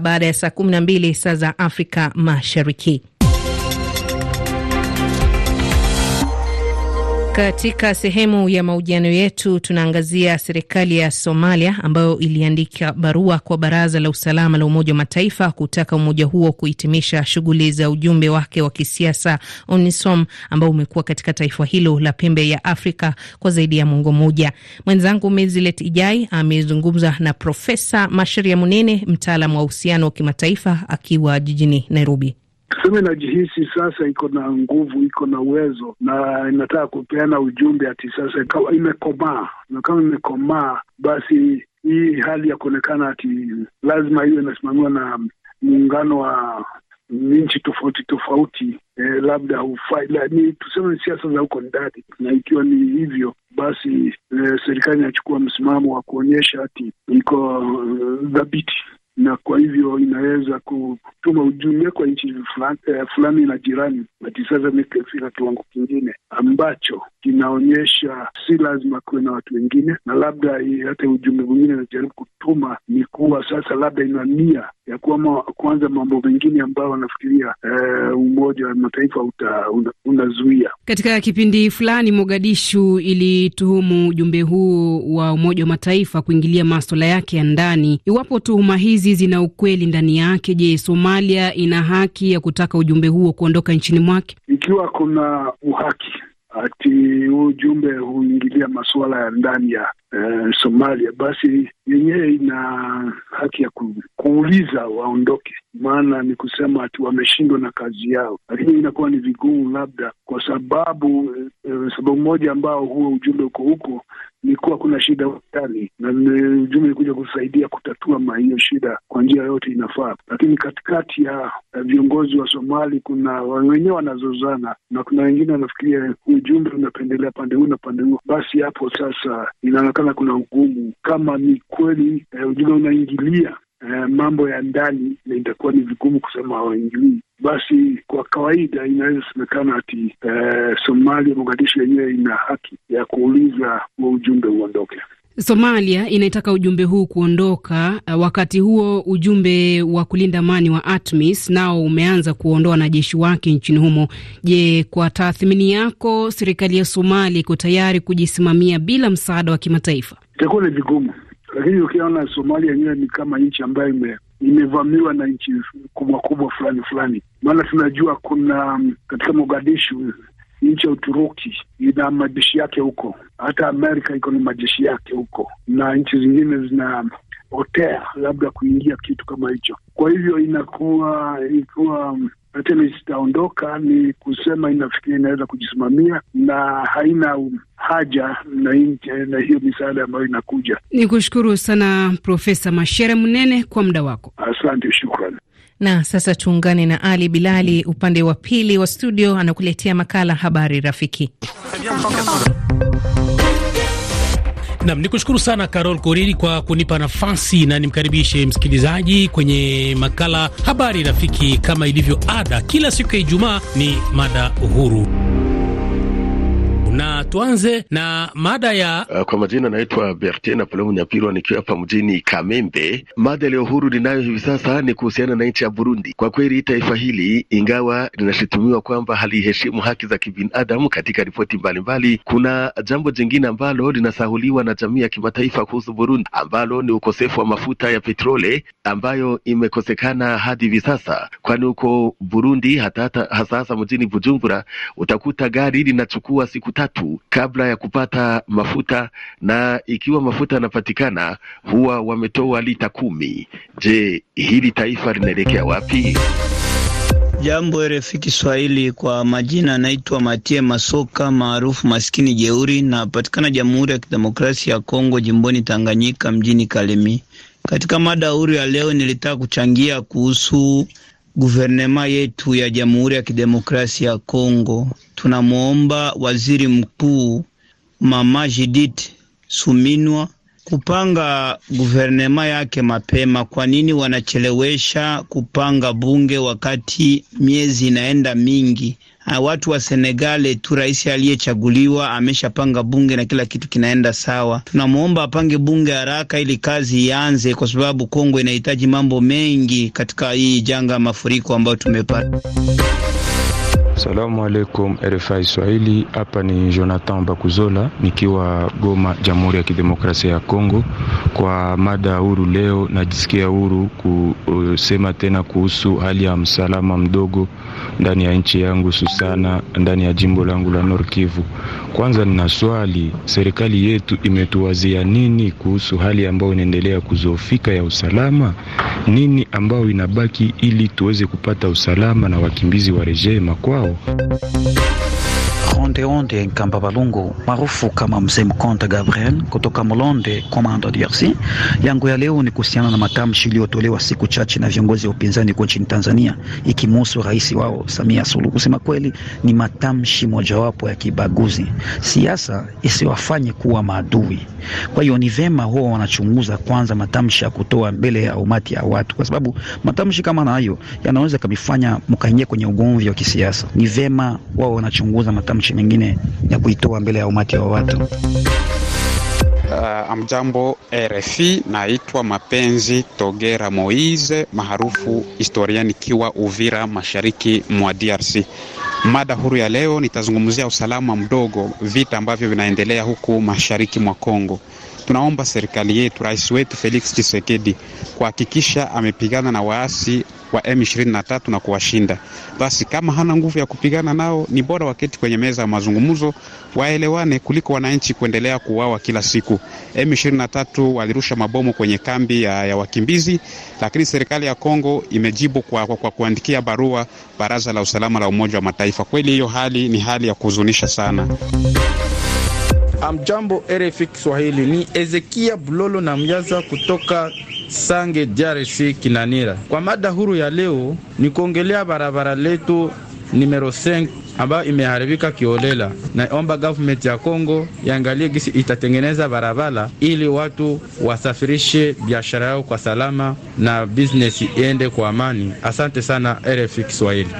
baada ya saa kumi na mbili saa za Afrika Mashariki. Katika sehemu ya mahojiano yetu tunaangazia serikali ya Somalia ambayo iliandika barua kwa Baraza la Usalama la Umoja wa Mataifa kutaka umoja huo kuhitimisha shughuli za ujumbe wake wa kisiasa UNISOM ambao umekuwa katika taifa hilo la pembe ya Afrika kwa zaidi ya mwongo mmoja. Mwenzangu Mezilet Ijai amezungumza na Profesa Masharia Munene, mtaalam wa uhusiano wa kimataifa akiwa jijini Nairobi. Tuseme najihisi sasa iko na nguvu, iko na uwezo na inataka kupeana ujumbe ati sasa imekomaa, na kama imekomaa basi hii hali ya kuonekana ati lazima hiyo inasimamiwa na muungano wa nchi tofauti tofauti, eh, labda hufai la, ni tuseme siasa za huko ndani, na ikiwa ni hivyo basi eh, serikali inachukua msimamo wa kuonyesha ati iko uh, dhabiti na kwa hivyo inaweza kutuma ujumbe kwa nchi fulani, eh, fulani na jirani, bati sasa imefika kiwango kingine ambacho kinaonyesha si lazima kuwe na watu wengine, na labda hata ujumbe mwingine anajaribu kutuma ni kuwa sasa labda ina nia ya kuama kwanza mambo mengine ambayo wanafikiria eh, Umoja wa Mataifa unazuia una. Katika kipindi fulani Mogadishu ilituhumu ujumbe huu wa Umoja wa Mataifa kuingilia maswala yake ya ndani. Iwapo tuhuma hizi hizi zina ukweli ndani yake. Je, Somalia ina haki ya kutaka ujumbe huo kuondoka nchini mwake? Ikiwa kuna uhaki ati huu ujumbe huingilia masuala ya ndani ya eh, Somalia, basi yenyewe ina haki ya kuuliza waondoke. Maana ni kusema ati wameshindwa na kazi yao, lakini inakuwa ni vigumu, labda kwa sababu eh, eh sababu moja ambao huo ujumbe uko huko ni kuwa kuna shida ndani, na ujumbe imekuja kusaidia kutatua hiyo shida kwa njia yote inafaa. Lakini katikati ya viongozi wa Somali kuna wenyewe wanazozana, na kuna wengine wanafikiria ujumbe unapendelea pande huu na pande huo. Basi hapo sasa inaonekana kuna ugumu. Kama ni kweli eh, ujumbe unaingilia Uh, mambo ya ndani na itakuwa ni vigumu kusema hawaingilii, basi kwa kawaida inaweza semekana ati eh, Somalia, Mogadishu yenyewe ina haki ya kuuliza huo ujumbe uondoke. Somalia inaitaka ujumbe huu kuondoka. Eh, wakati huo ujumbe wa kulinda amani wa ATMIS nao umeanza kuondoa wanajeshi wake nchini humo. Je, kwa tathmini yako, serikali ya Somalia iko tayari kujisimamia bila msaada wa kimataifa? Itakuwa ni vigumu, lakini ukiona Somalia yenyewe ni kama nchi ambayo imevamiwa na nchi kubwa kubwa fulani fulani. Maana tunajua kuna um, katika Mogadishu, nchi ya Uturuki ina majeshi yake huko, hata Amerika iko na majeshi yake huko, na nchi zingine zinaotea labda kuingia kitu kama hicho. Kwa hivyo inakuwa ikiwa um, Athens itaondoka ni kusema inafikiria inaweza kujisimamia na haina haja na nje na hiyo misaada ambayo inakuja. Ni kushukuru sana Profesa Mashere Mnene kwa muda wako, asante. Shukrani. Na sasa tuungane na Ali Bilali upande wa pili wa studio, anakuletea makala Habari Rafiki. Nam ni kushukuru sana Carol Koriri kwa kunipa nafasi, na nimkaribishe msikilizaji kwenye makala Habari Rafiki. Kama ilivyo ada, kila siku ya Ijumaa ni mada uhuru na tuanze na mada ya uh, kwa majina naitwa na Napoleon Nyapirwa nikiwa hapa mjini Kamembe. Mada leo huru ninayo hivi sasa ni kuhusiana na nchi ya Burundi. Kwa kweli taifa hili ingawa linashutumiwa kwamba haliheshimu haki za kibinadamu katika ripoti mbalimbali, kuna jambo jingine ambalo linasahuliwa na jamii ya kimataifa kuhusu Burundi ambalo ni ukosefu wa mafuta ya petrole ambayo imekosekana hadi hivi sasa, kwani huko Burundi hata hasa hasa mjini Bujumbura utakuta gari linachukua siku tatu tatu kabla ya kupata mafuta, na ikiwa mafuta yanapatikana huwa wametoa lita kumi. Je, hili taifa linaelekea wapi? Jambo RFI Kiswahili, kwa majina anaitwa Matie Masoka maarufu maskini jeuri, napatikana Jamhuri ya Kidemokrasia ya Kongo, jimboni Tanganyika, mjini Kalemi. Katika mada huru ya leo, nilitaka kuchangia kuhusu guvernema yetu ya Jamhuri ya Kidemokrasia ya Kongo, tunamwomba waziri mkuu Mama Judith Suminwa kupanga guvernema yake mapema. Kwa nini wanachelewesha kupanga bunge wakati miezi inaenda mingi? Ha, ah, watu wa Senegale tu, rais aliyechaguliwa ameshapanga bunge na kila kitu kinaenda sawa. Tunamwomba apange bunge haraka ili kazi ianze, kwa sababu Kongo inahitaji mambo mengi katika hii janga ya mafuriko ambayo tumepata asalamu alaikum RFI Swahili, hapa ni Jonathan Bakuzola nikiwa Goma, Jamhuri ya Kidemokrasia ya Kongo. Kwa mada huru leo, najisikia huru kusema tena kuhusu hali ya msalama mdogo ndani ya nchi yangu, susana ndani ya jimbo langu la Nord Kivu. Kwanza nina swali, serikali yetu imetuwazia nini kuhusu hali ambayo inaendelea kuzoofika ya usalama? Nini ambayo inabaki ili tuweze kupata usalama na wakimbizi warejee makwao? Rondeonde Nkamba Balungu maarufu kama Mzee Mkonta Gabriel kutoka Mlonde Komando, DRC. Yangu ya leo ni kuhusiana na matamshi iliyotolewa siku chache na viongozi wa upinzani huko nchini Tanzania ikimuhusu rais wao Samia Suluhu. Kusema kweli, ni matamshi mojawapo ya kibaguzi, siasa isiwafanye kuwa maadui. Kwa hiyo ni vema huwa wanachunguza kwanza matamshi ya kutoa mbele ya umati ya watu, kwa sababu matamshi kama nayo yanaweza kamifanya mkaingia kwenye ugomvi wa kisiasa. Ni vema wao wanachunguza matamshi nchi nyingine ya kuitoa mbele ya umati wa watu. Uh, amjambo RFI, naitwa Mapenzi Togera Moise maarufu historia, nikiwa Uvira mashariki mwa DRC. Mada huru ya leo nitazungumzia usalama mdogo, vita ambavyo vinaendelea huku mashariki mwa Kongo tunaomba serikali yetu, rais wetu Felix Tshisekedi kuhakikisha amepigana na waasi wa M23 na kuwashinda. Basi kama hana nguvu ya kupigana nao, ni bora waketi kwenye meza ya mazungumzo waelewane, kuliko wananchi kuendelea kuuawa kila siku. M23 walirusha mabomu kwenye kambi ya, ya wakimbizi, lakini serikali ya Kongo imejibu kwa, kwa, kwa kuandikia barua Baraza la Usalama la Umoja wa Mataifa. Kweli hiyo hali ni hali ya kuhuzunisha sana. Amjambo RFI Kiswahili, ni Ezekia Bulolo na Myaza kutoka Sange, DRC, Kinanira. Kwa mada huru ya leo ni kuongelea barabara letu numero 5 ambayo imeharibika kiolela. Naomba government ya Kongo iangalie gisi itatengeneza barabara ili watu wasafirishe biashara yao kwa salama na business iende kwa amani. Asante sana RFI Kiswahili.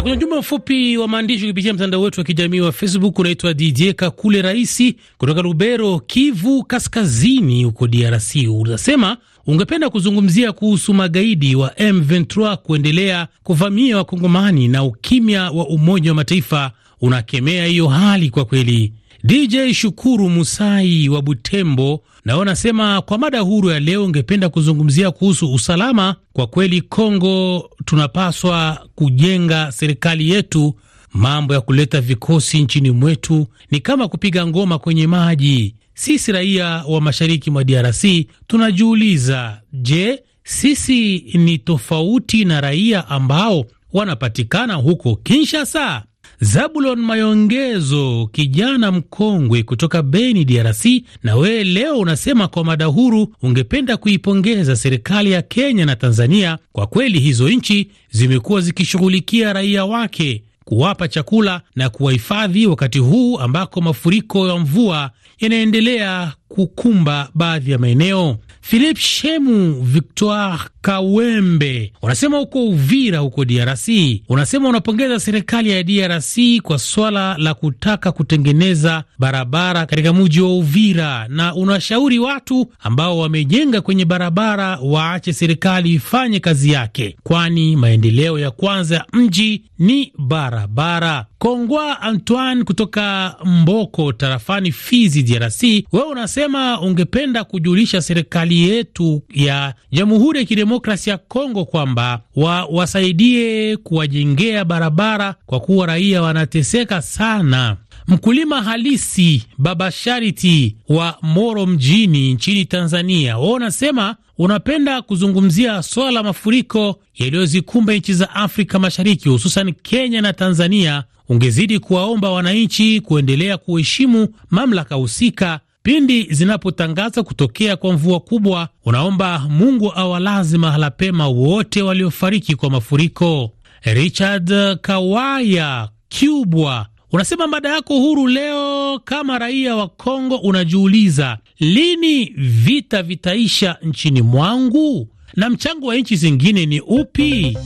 Na kwenye ujumbe mfupi wa maandishi kupitia mtandao wetu wa kijamii wa Facebook, unaitwa DJ Kakule Raisi kutoka Lubero, Kivu Kaskazini, huko DRC, unasema ungependa kuzungumzia kuhusu magaidi wa M23 kuendelea kuvamia Wakongomani na ukimya wa Umoja wa Mataifa unakemea hiyo hali kwa kweli DJ Shukuru Musai wa Butembo nao anasema kwa mada huru ya leo, ungependa kuzungumzia kuhusu usalama. Kwa kweli, Kongo tunapaswa kujenga serikali yetu. Mambo ya kuleta vikosi nchini mwetu ni kama kupiga ngoma kwenye maji. Sisi raia wa mashariki mwa DRC tunajiuliza, je, sisi ni tofauti na raia ambao wanapatikana huko Kinshasa? Zabulon Mayongezo, kijana mkongwe kutoka Beni, DRC, na wewe leo unasema kwa mada huru ungependa kuipongeza serikali ya Kenya na Tanzania. Kwa kweli hizo nchi zimekuwa zikishughulikia raia wake kuwapa chakula na kuwahifadhi wakati huu ambako mafuriko ya mvua yanaendelea kukumba baadhi ya maeneo. Philip Shemu Victoire Kawembe unasema huko Uvira huko DRC, unasema unapongeza serikali ya DRC kwa swala la kutaka kutengeneza barabara katika mji wa Uvira, na unashauri watu ambao wamejenga kwenye barabara waache serikali ifanye kazi yake, kwani maendeleo ya kwanza ya mji ni barabara. Kongwa Antoine kutoka Mboko tarafani Fizi, DRC, wewe unasema unasema ungependa kujulisha serikali yetu ya Jamhuri ya Kidemokrasia ya Kongo kwamba wa, wasaidie kuwajengea barabara kwa kuwa raia wanateseka sana. Mkulima halisi Baba Shariti wa Moro mjini nchini Tanzania, wao unasema unapenda kuzungumzia swala la mafuriko yaliyozikumba nchi za Afrika Mashariki, hususan Kenya na Tanzania. Ungezidi kuwaomba wananchi kuendelea kuheshimu mamlaka husika Pindi zinapotangaza kutokea kwa mvua kubwa, unaomba Mungu awalaze mahala pema wote waliofariki kwa mafuriko. Richard Kawaya Kubwa unasema mada yako huru leo. Kama raia wa Kongo unajiuliza lini vita vitaisha nchini mwangu, na mchango wa nchi zingine ni upi?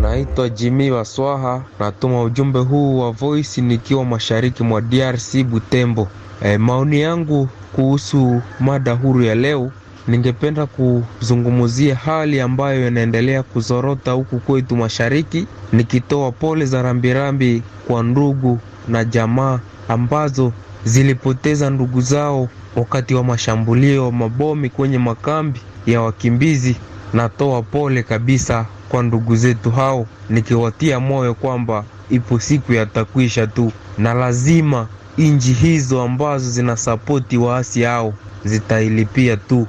Naitwa Jimi Waswaha, natuma ujumbe huu wa voice nikiwa mashariki mwa DRC, Butembo. E, maoni yangu kuhusu mada huru ya leo, ningependa kuzungumzia hali ambayo inaendelea kuzorota huku kwetu mashariki, nikitoa pole za rambirambi kwa ndugu na jamaa ambazo zilipoteza ndugu zao wakati wa mashambulio wa kwenye makambi ya wakimbizi. Natoa pole kabisa kwa ndugu zetu hao, nikiwatia moyo kwamba ipo siku yatakwisha tu na lazima inji hizo ambazo zinasapoti waasi hao zitailipia tu,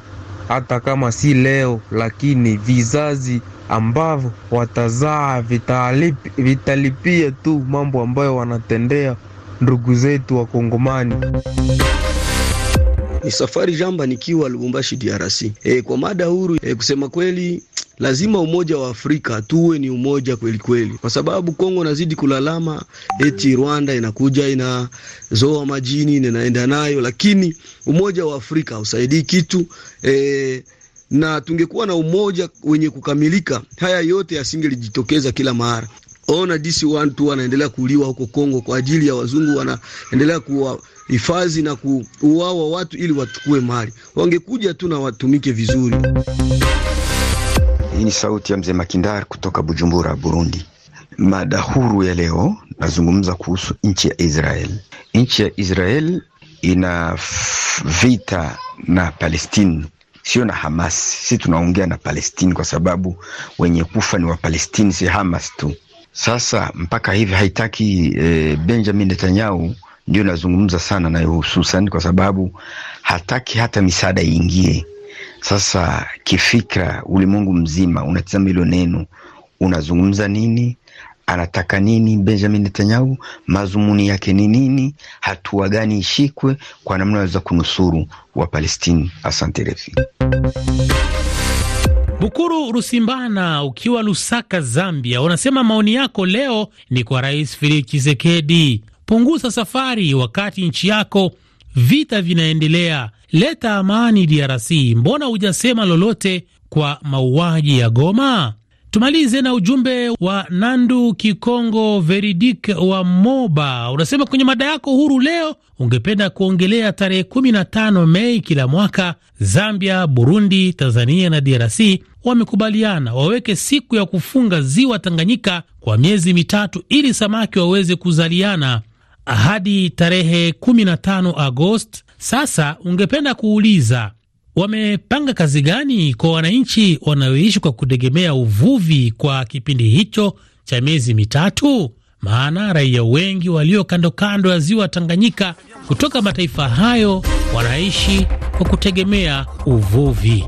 hata kama si leo, lakini vizazi ambavyo watazaa vitalipi, vitalipia tu mambo ambayo wanatendea ndugu zetu wa Kongomani. Ni safari jamba nikiwa Lubumbashi DRC. E, eh, kwa mada huru e, kusema kweli lazima umoja wa Afrika tuwe ni umoja kweli kweli, kwa sababu Kongo nazidi kulalama eti Rwanda inakuja inazoa majini inaenda nayo, lakini umoja wa Afrika usaidii kitu e, na tungekuwa na umoja wenye kukamilika, haya yote yasingelijitokeza kila mara. Ona disi watu wanaendelea kuuliwa huko Kongo kwa ajili ya wazungu, wanaendelea kuwahifadhi na kuuawa watu ili wachukue mali. Wangekuja tu na watumike vizuri. Hii ni sauti ya mzee Makindar kutoka Bujumbura, Burundi. Mada huru ya leo nazungumza kuhusu nchi ya Israel. Nchi ya Israel ina vita na Palestine, sio na Hamas. Si tunaongea na Palestine kwa sababu wenye kufa ni Wapalestini, si Hamas tu. Sasa mpaka hivi haitaki e, Benjamin Netanyahu ndio nazungumza sana nayo hususan, kwa sababu hataki hata misaada iingie sasa kifikra, ulimwengu mzima unatizama hilo neno, unazungumza nini? Anataka nini Benjamin Netanyahu? Madhumuni yake ni nini? Hatua gani ishikwe kwa namna anaweza kunusuru wa Palestini? Asante refi Bukuru Rusimbana, ukiwa Lusaka, Zambia, unasema maoni yako leo ni kwa Rais Felix chisekedi punguza safari wakati nchi yako vita vinaendelea. Leta amani DRC, mbona hujasema lolote kwa mauaji ya Goma? Tumalize na ujumbe wa Nandu Kikongo Veridik wa Moba, unasema kwenye mada yako huru leo ungependa kuongelea tarehe 15 Mei kila mwaka. Zambia, Burundi, Tanzania na DRC wamekubaliana waweke siku ya kufunga ziwa Tanganyika kwa miezi mitatu ili samaki waweze kuzaliana hadi tarehe 15 Agosti. Sasa ungependa kuuliza wamepanga kazi gani kwa wananchi wanaoishi kwa kutegemea uvuvi kwa kipindi hicho cha miezi mitatu? Maana raia wengi walio kando kando ya ziwa Tanganyika kutoka mataifa hayo wanaishi kwa kutegemea uvuvi.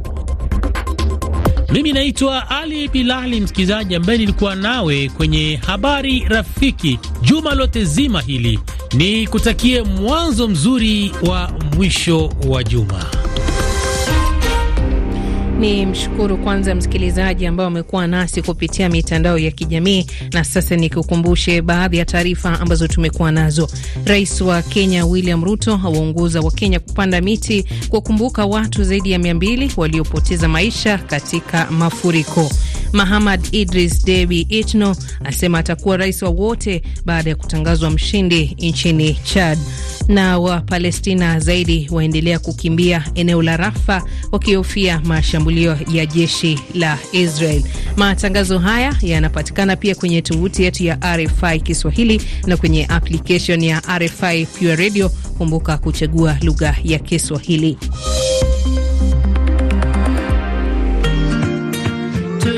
Mimi naitwa Ali Bilali, msikilizaji ambaye nilikuwa nawe kwenye habari rafiki juma lote zima hili, ni kutakie mwanzo mzuri wa mwisho wa juma. Ni mshukuru kwanza msikilizaji ambao amekuwa nasi kupitia mitandao ya kijamii, na sasa nikukumbushe baadhi ya taarifa ambazo tumekuwa nazo. Rais wa Kenya William Ruto awaongoza Wakenya kupanda miti kuwakumbuka watu zaidi ya mia mbili waliopoteza maisha katika mafuriko. Mahamad Idris Debi Itno asema atakuwa rais wa wote baada ya kutangazwa mshindi nchini Chad. Na Wapalestina zaidi waendelea kukimbia eneo la Rafa wakihofia mashambulio ya jeshi la Israel. Matangazo haya yanapatikana pia kwenye tovuti yetu ya RFI Kiswahili na kwenye application ya RFI Pure Radio. Kumbuka kuchagua lugha ya Kiswahili.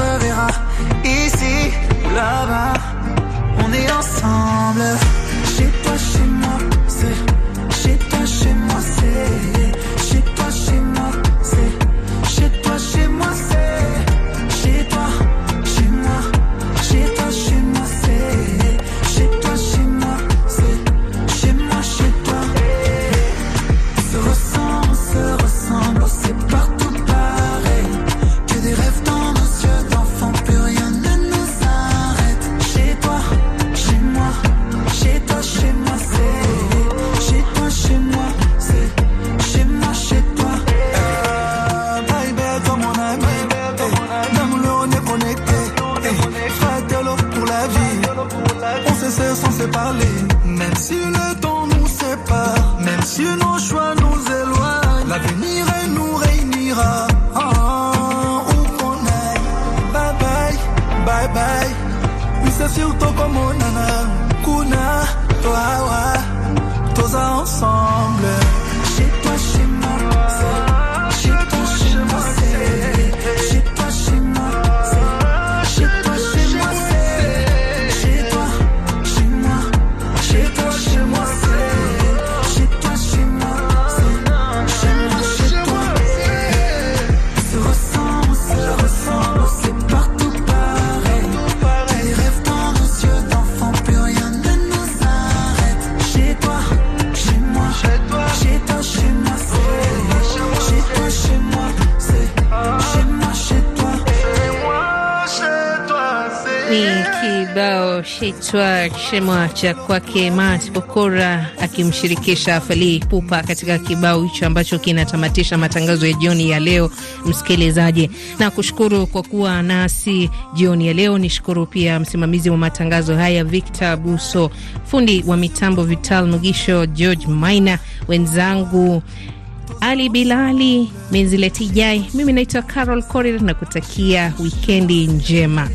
reverra ici ou là-bas. On est ensemble, chez toi, chez moi, c'est si utokomona nana kuna toawa toza ensemble kiitwa chema cha kwake Mat Pokora akimshirikisha fali pupa katika kibao hicho ambacho kinatamatisha matangazo ya jioni ya leo. Msikilizaji, na kushukuru kwa kuwa nasi jioni ya leo. Nishukuru pia msimamizi wa matangazo haya Victor Buso, fundi wa mitambo Vital Mugisho, George Maina, wenzangu ali Bilali, Menziletijai. Mimi naitwa Carol Korir na kutakia wikendi njema.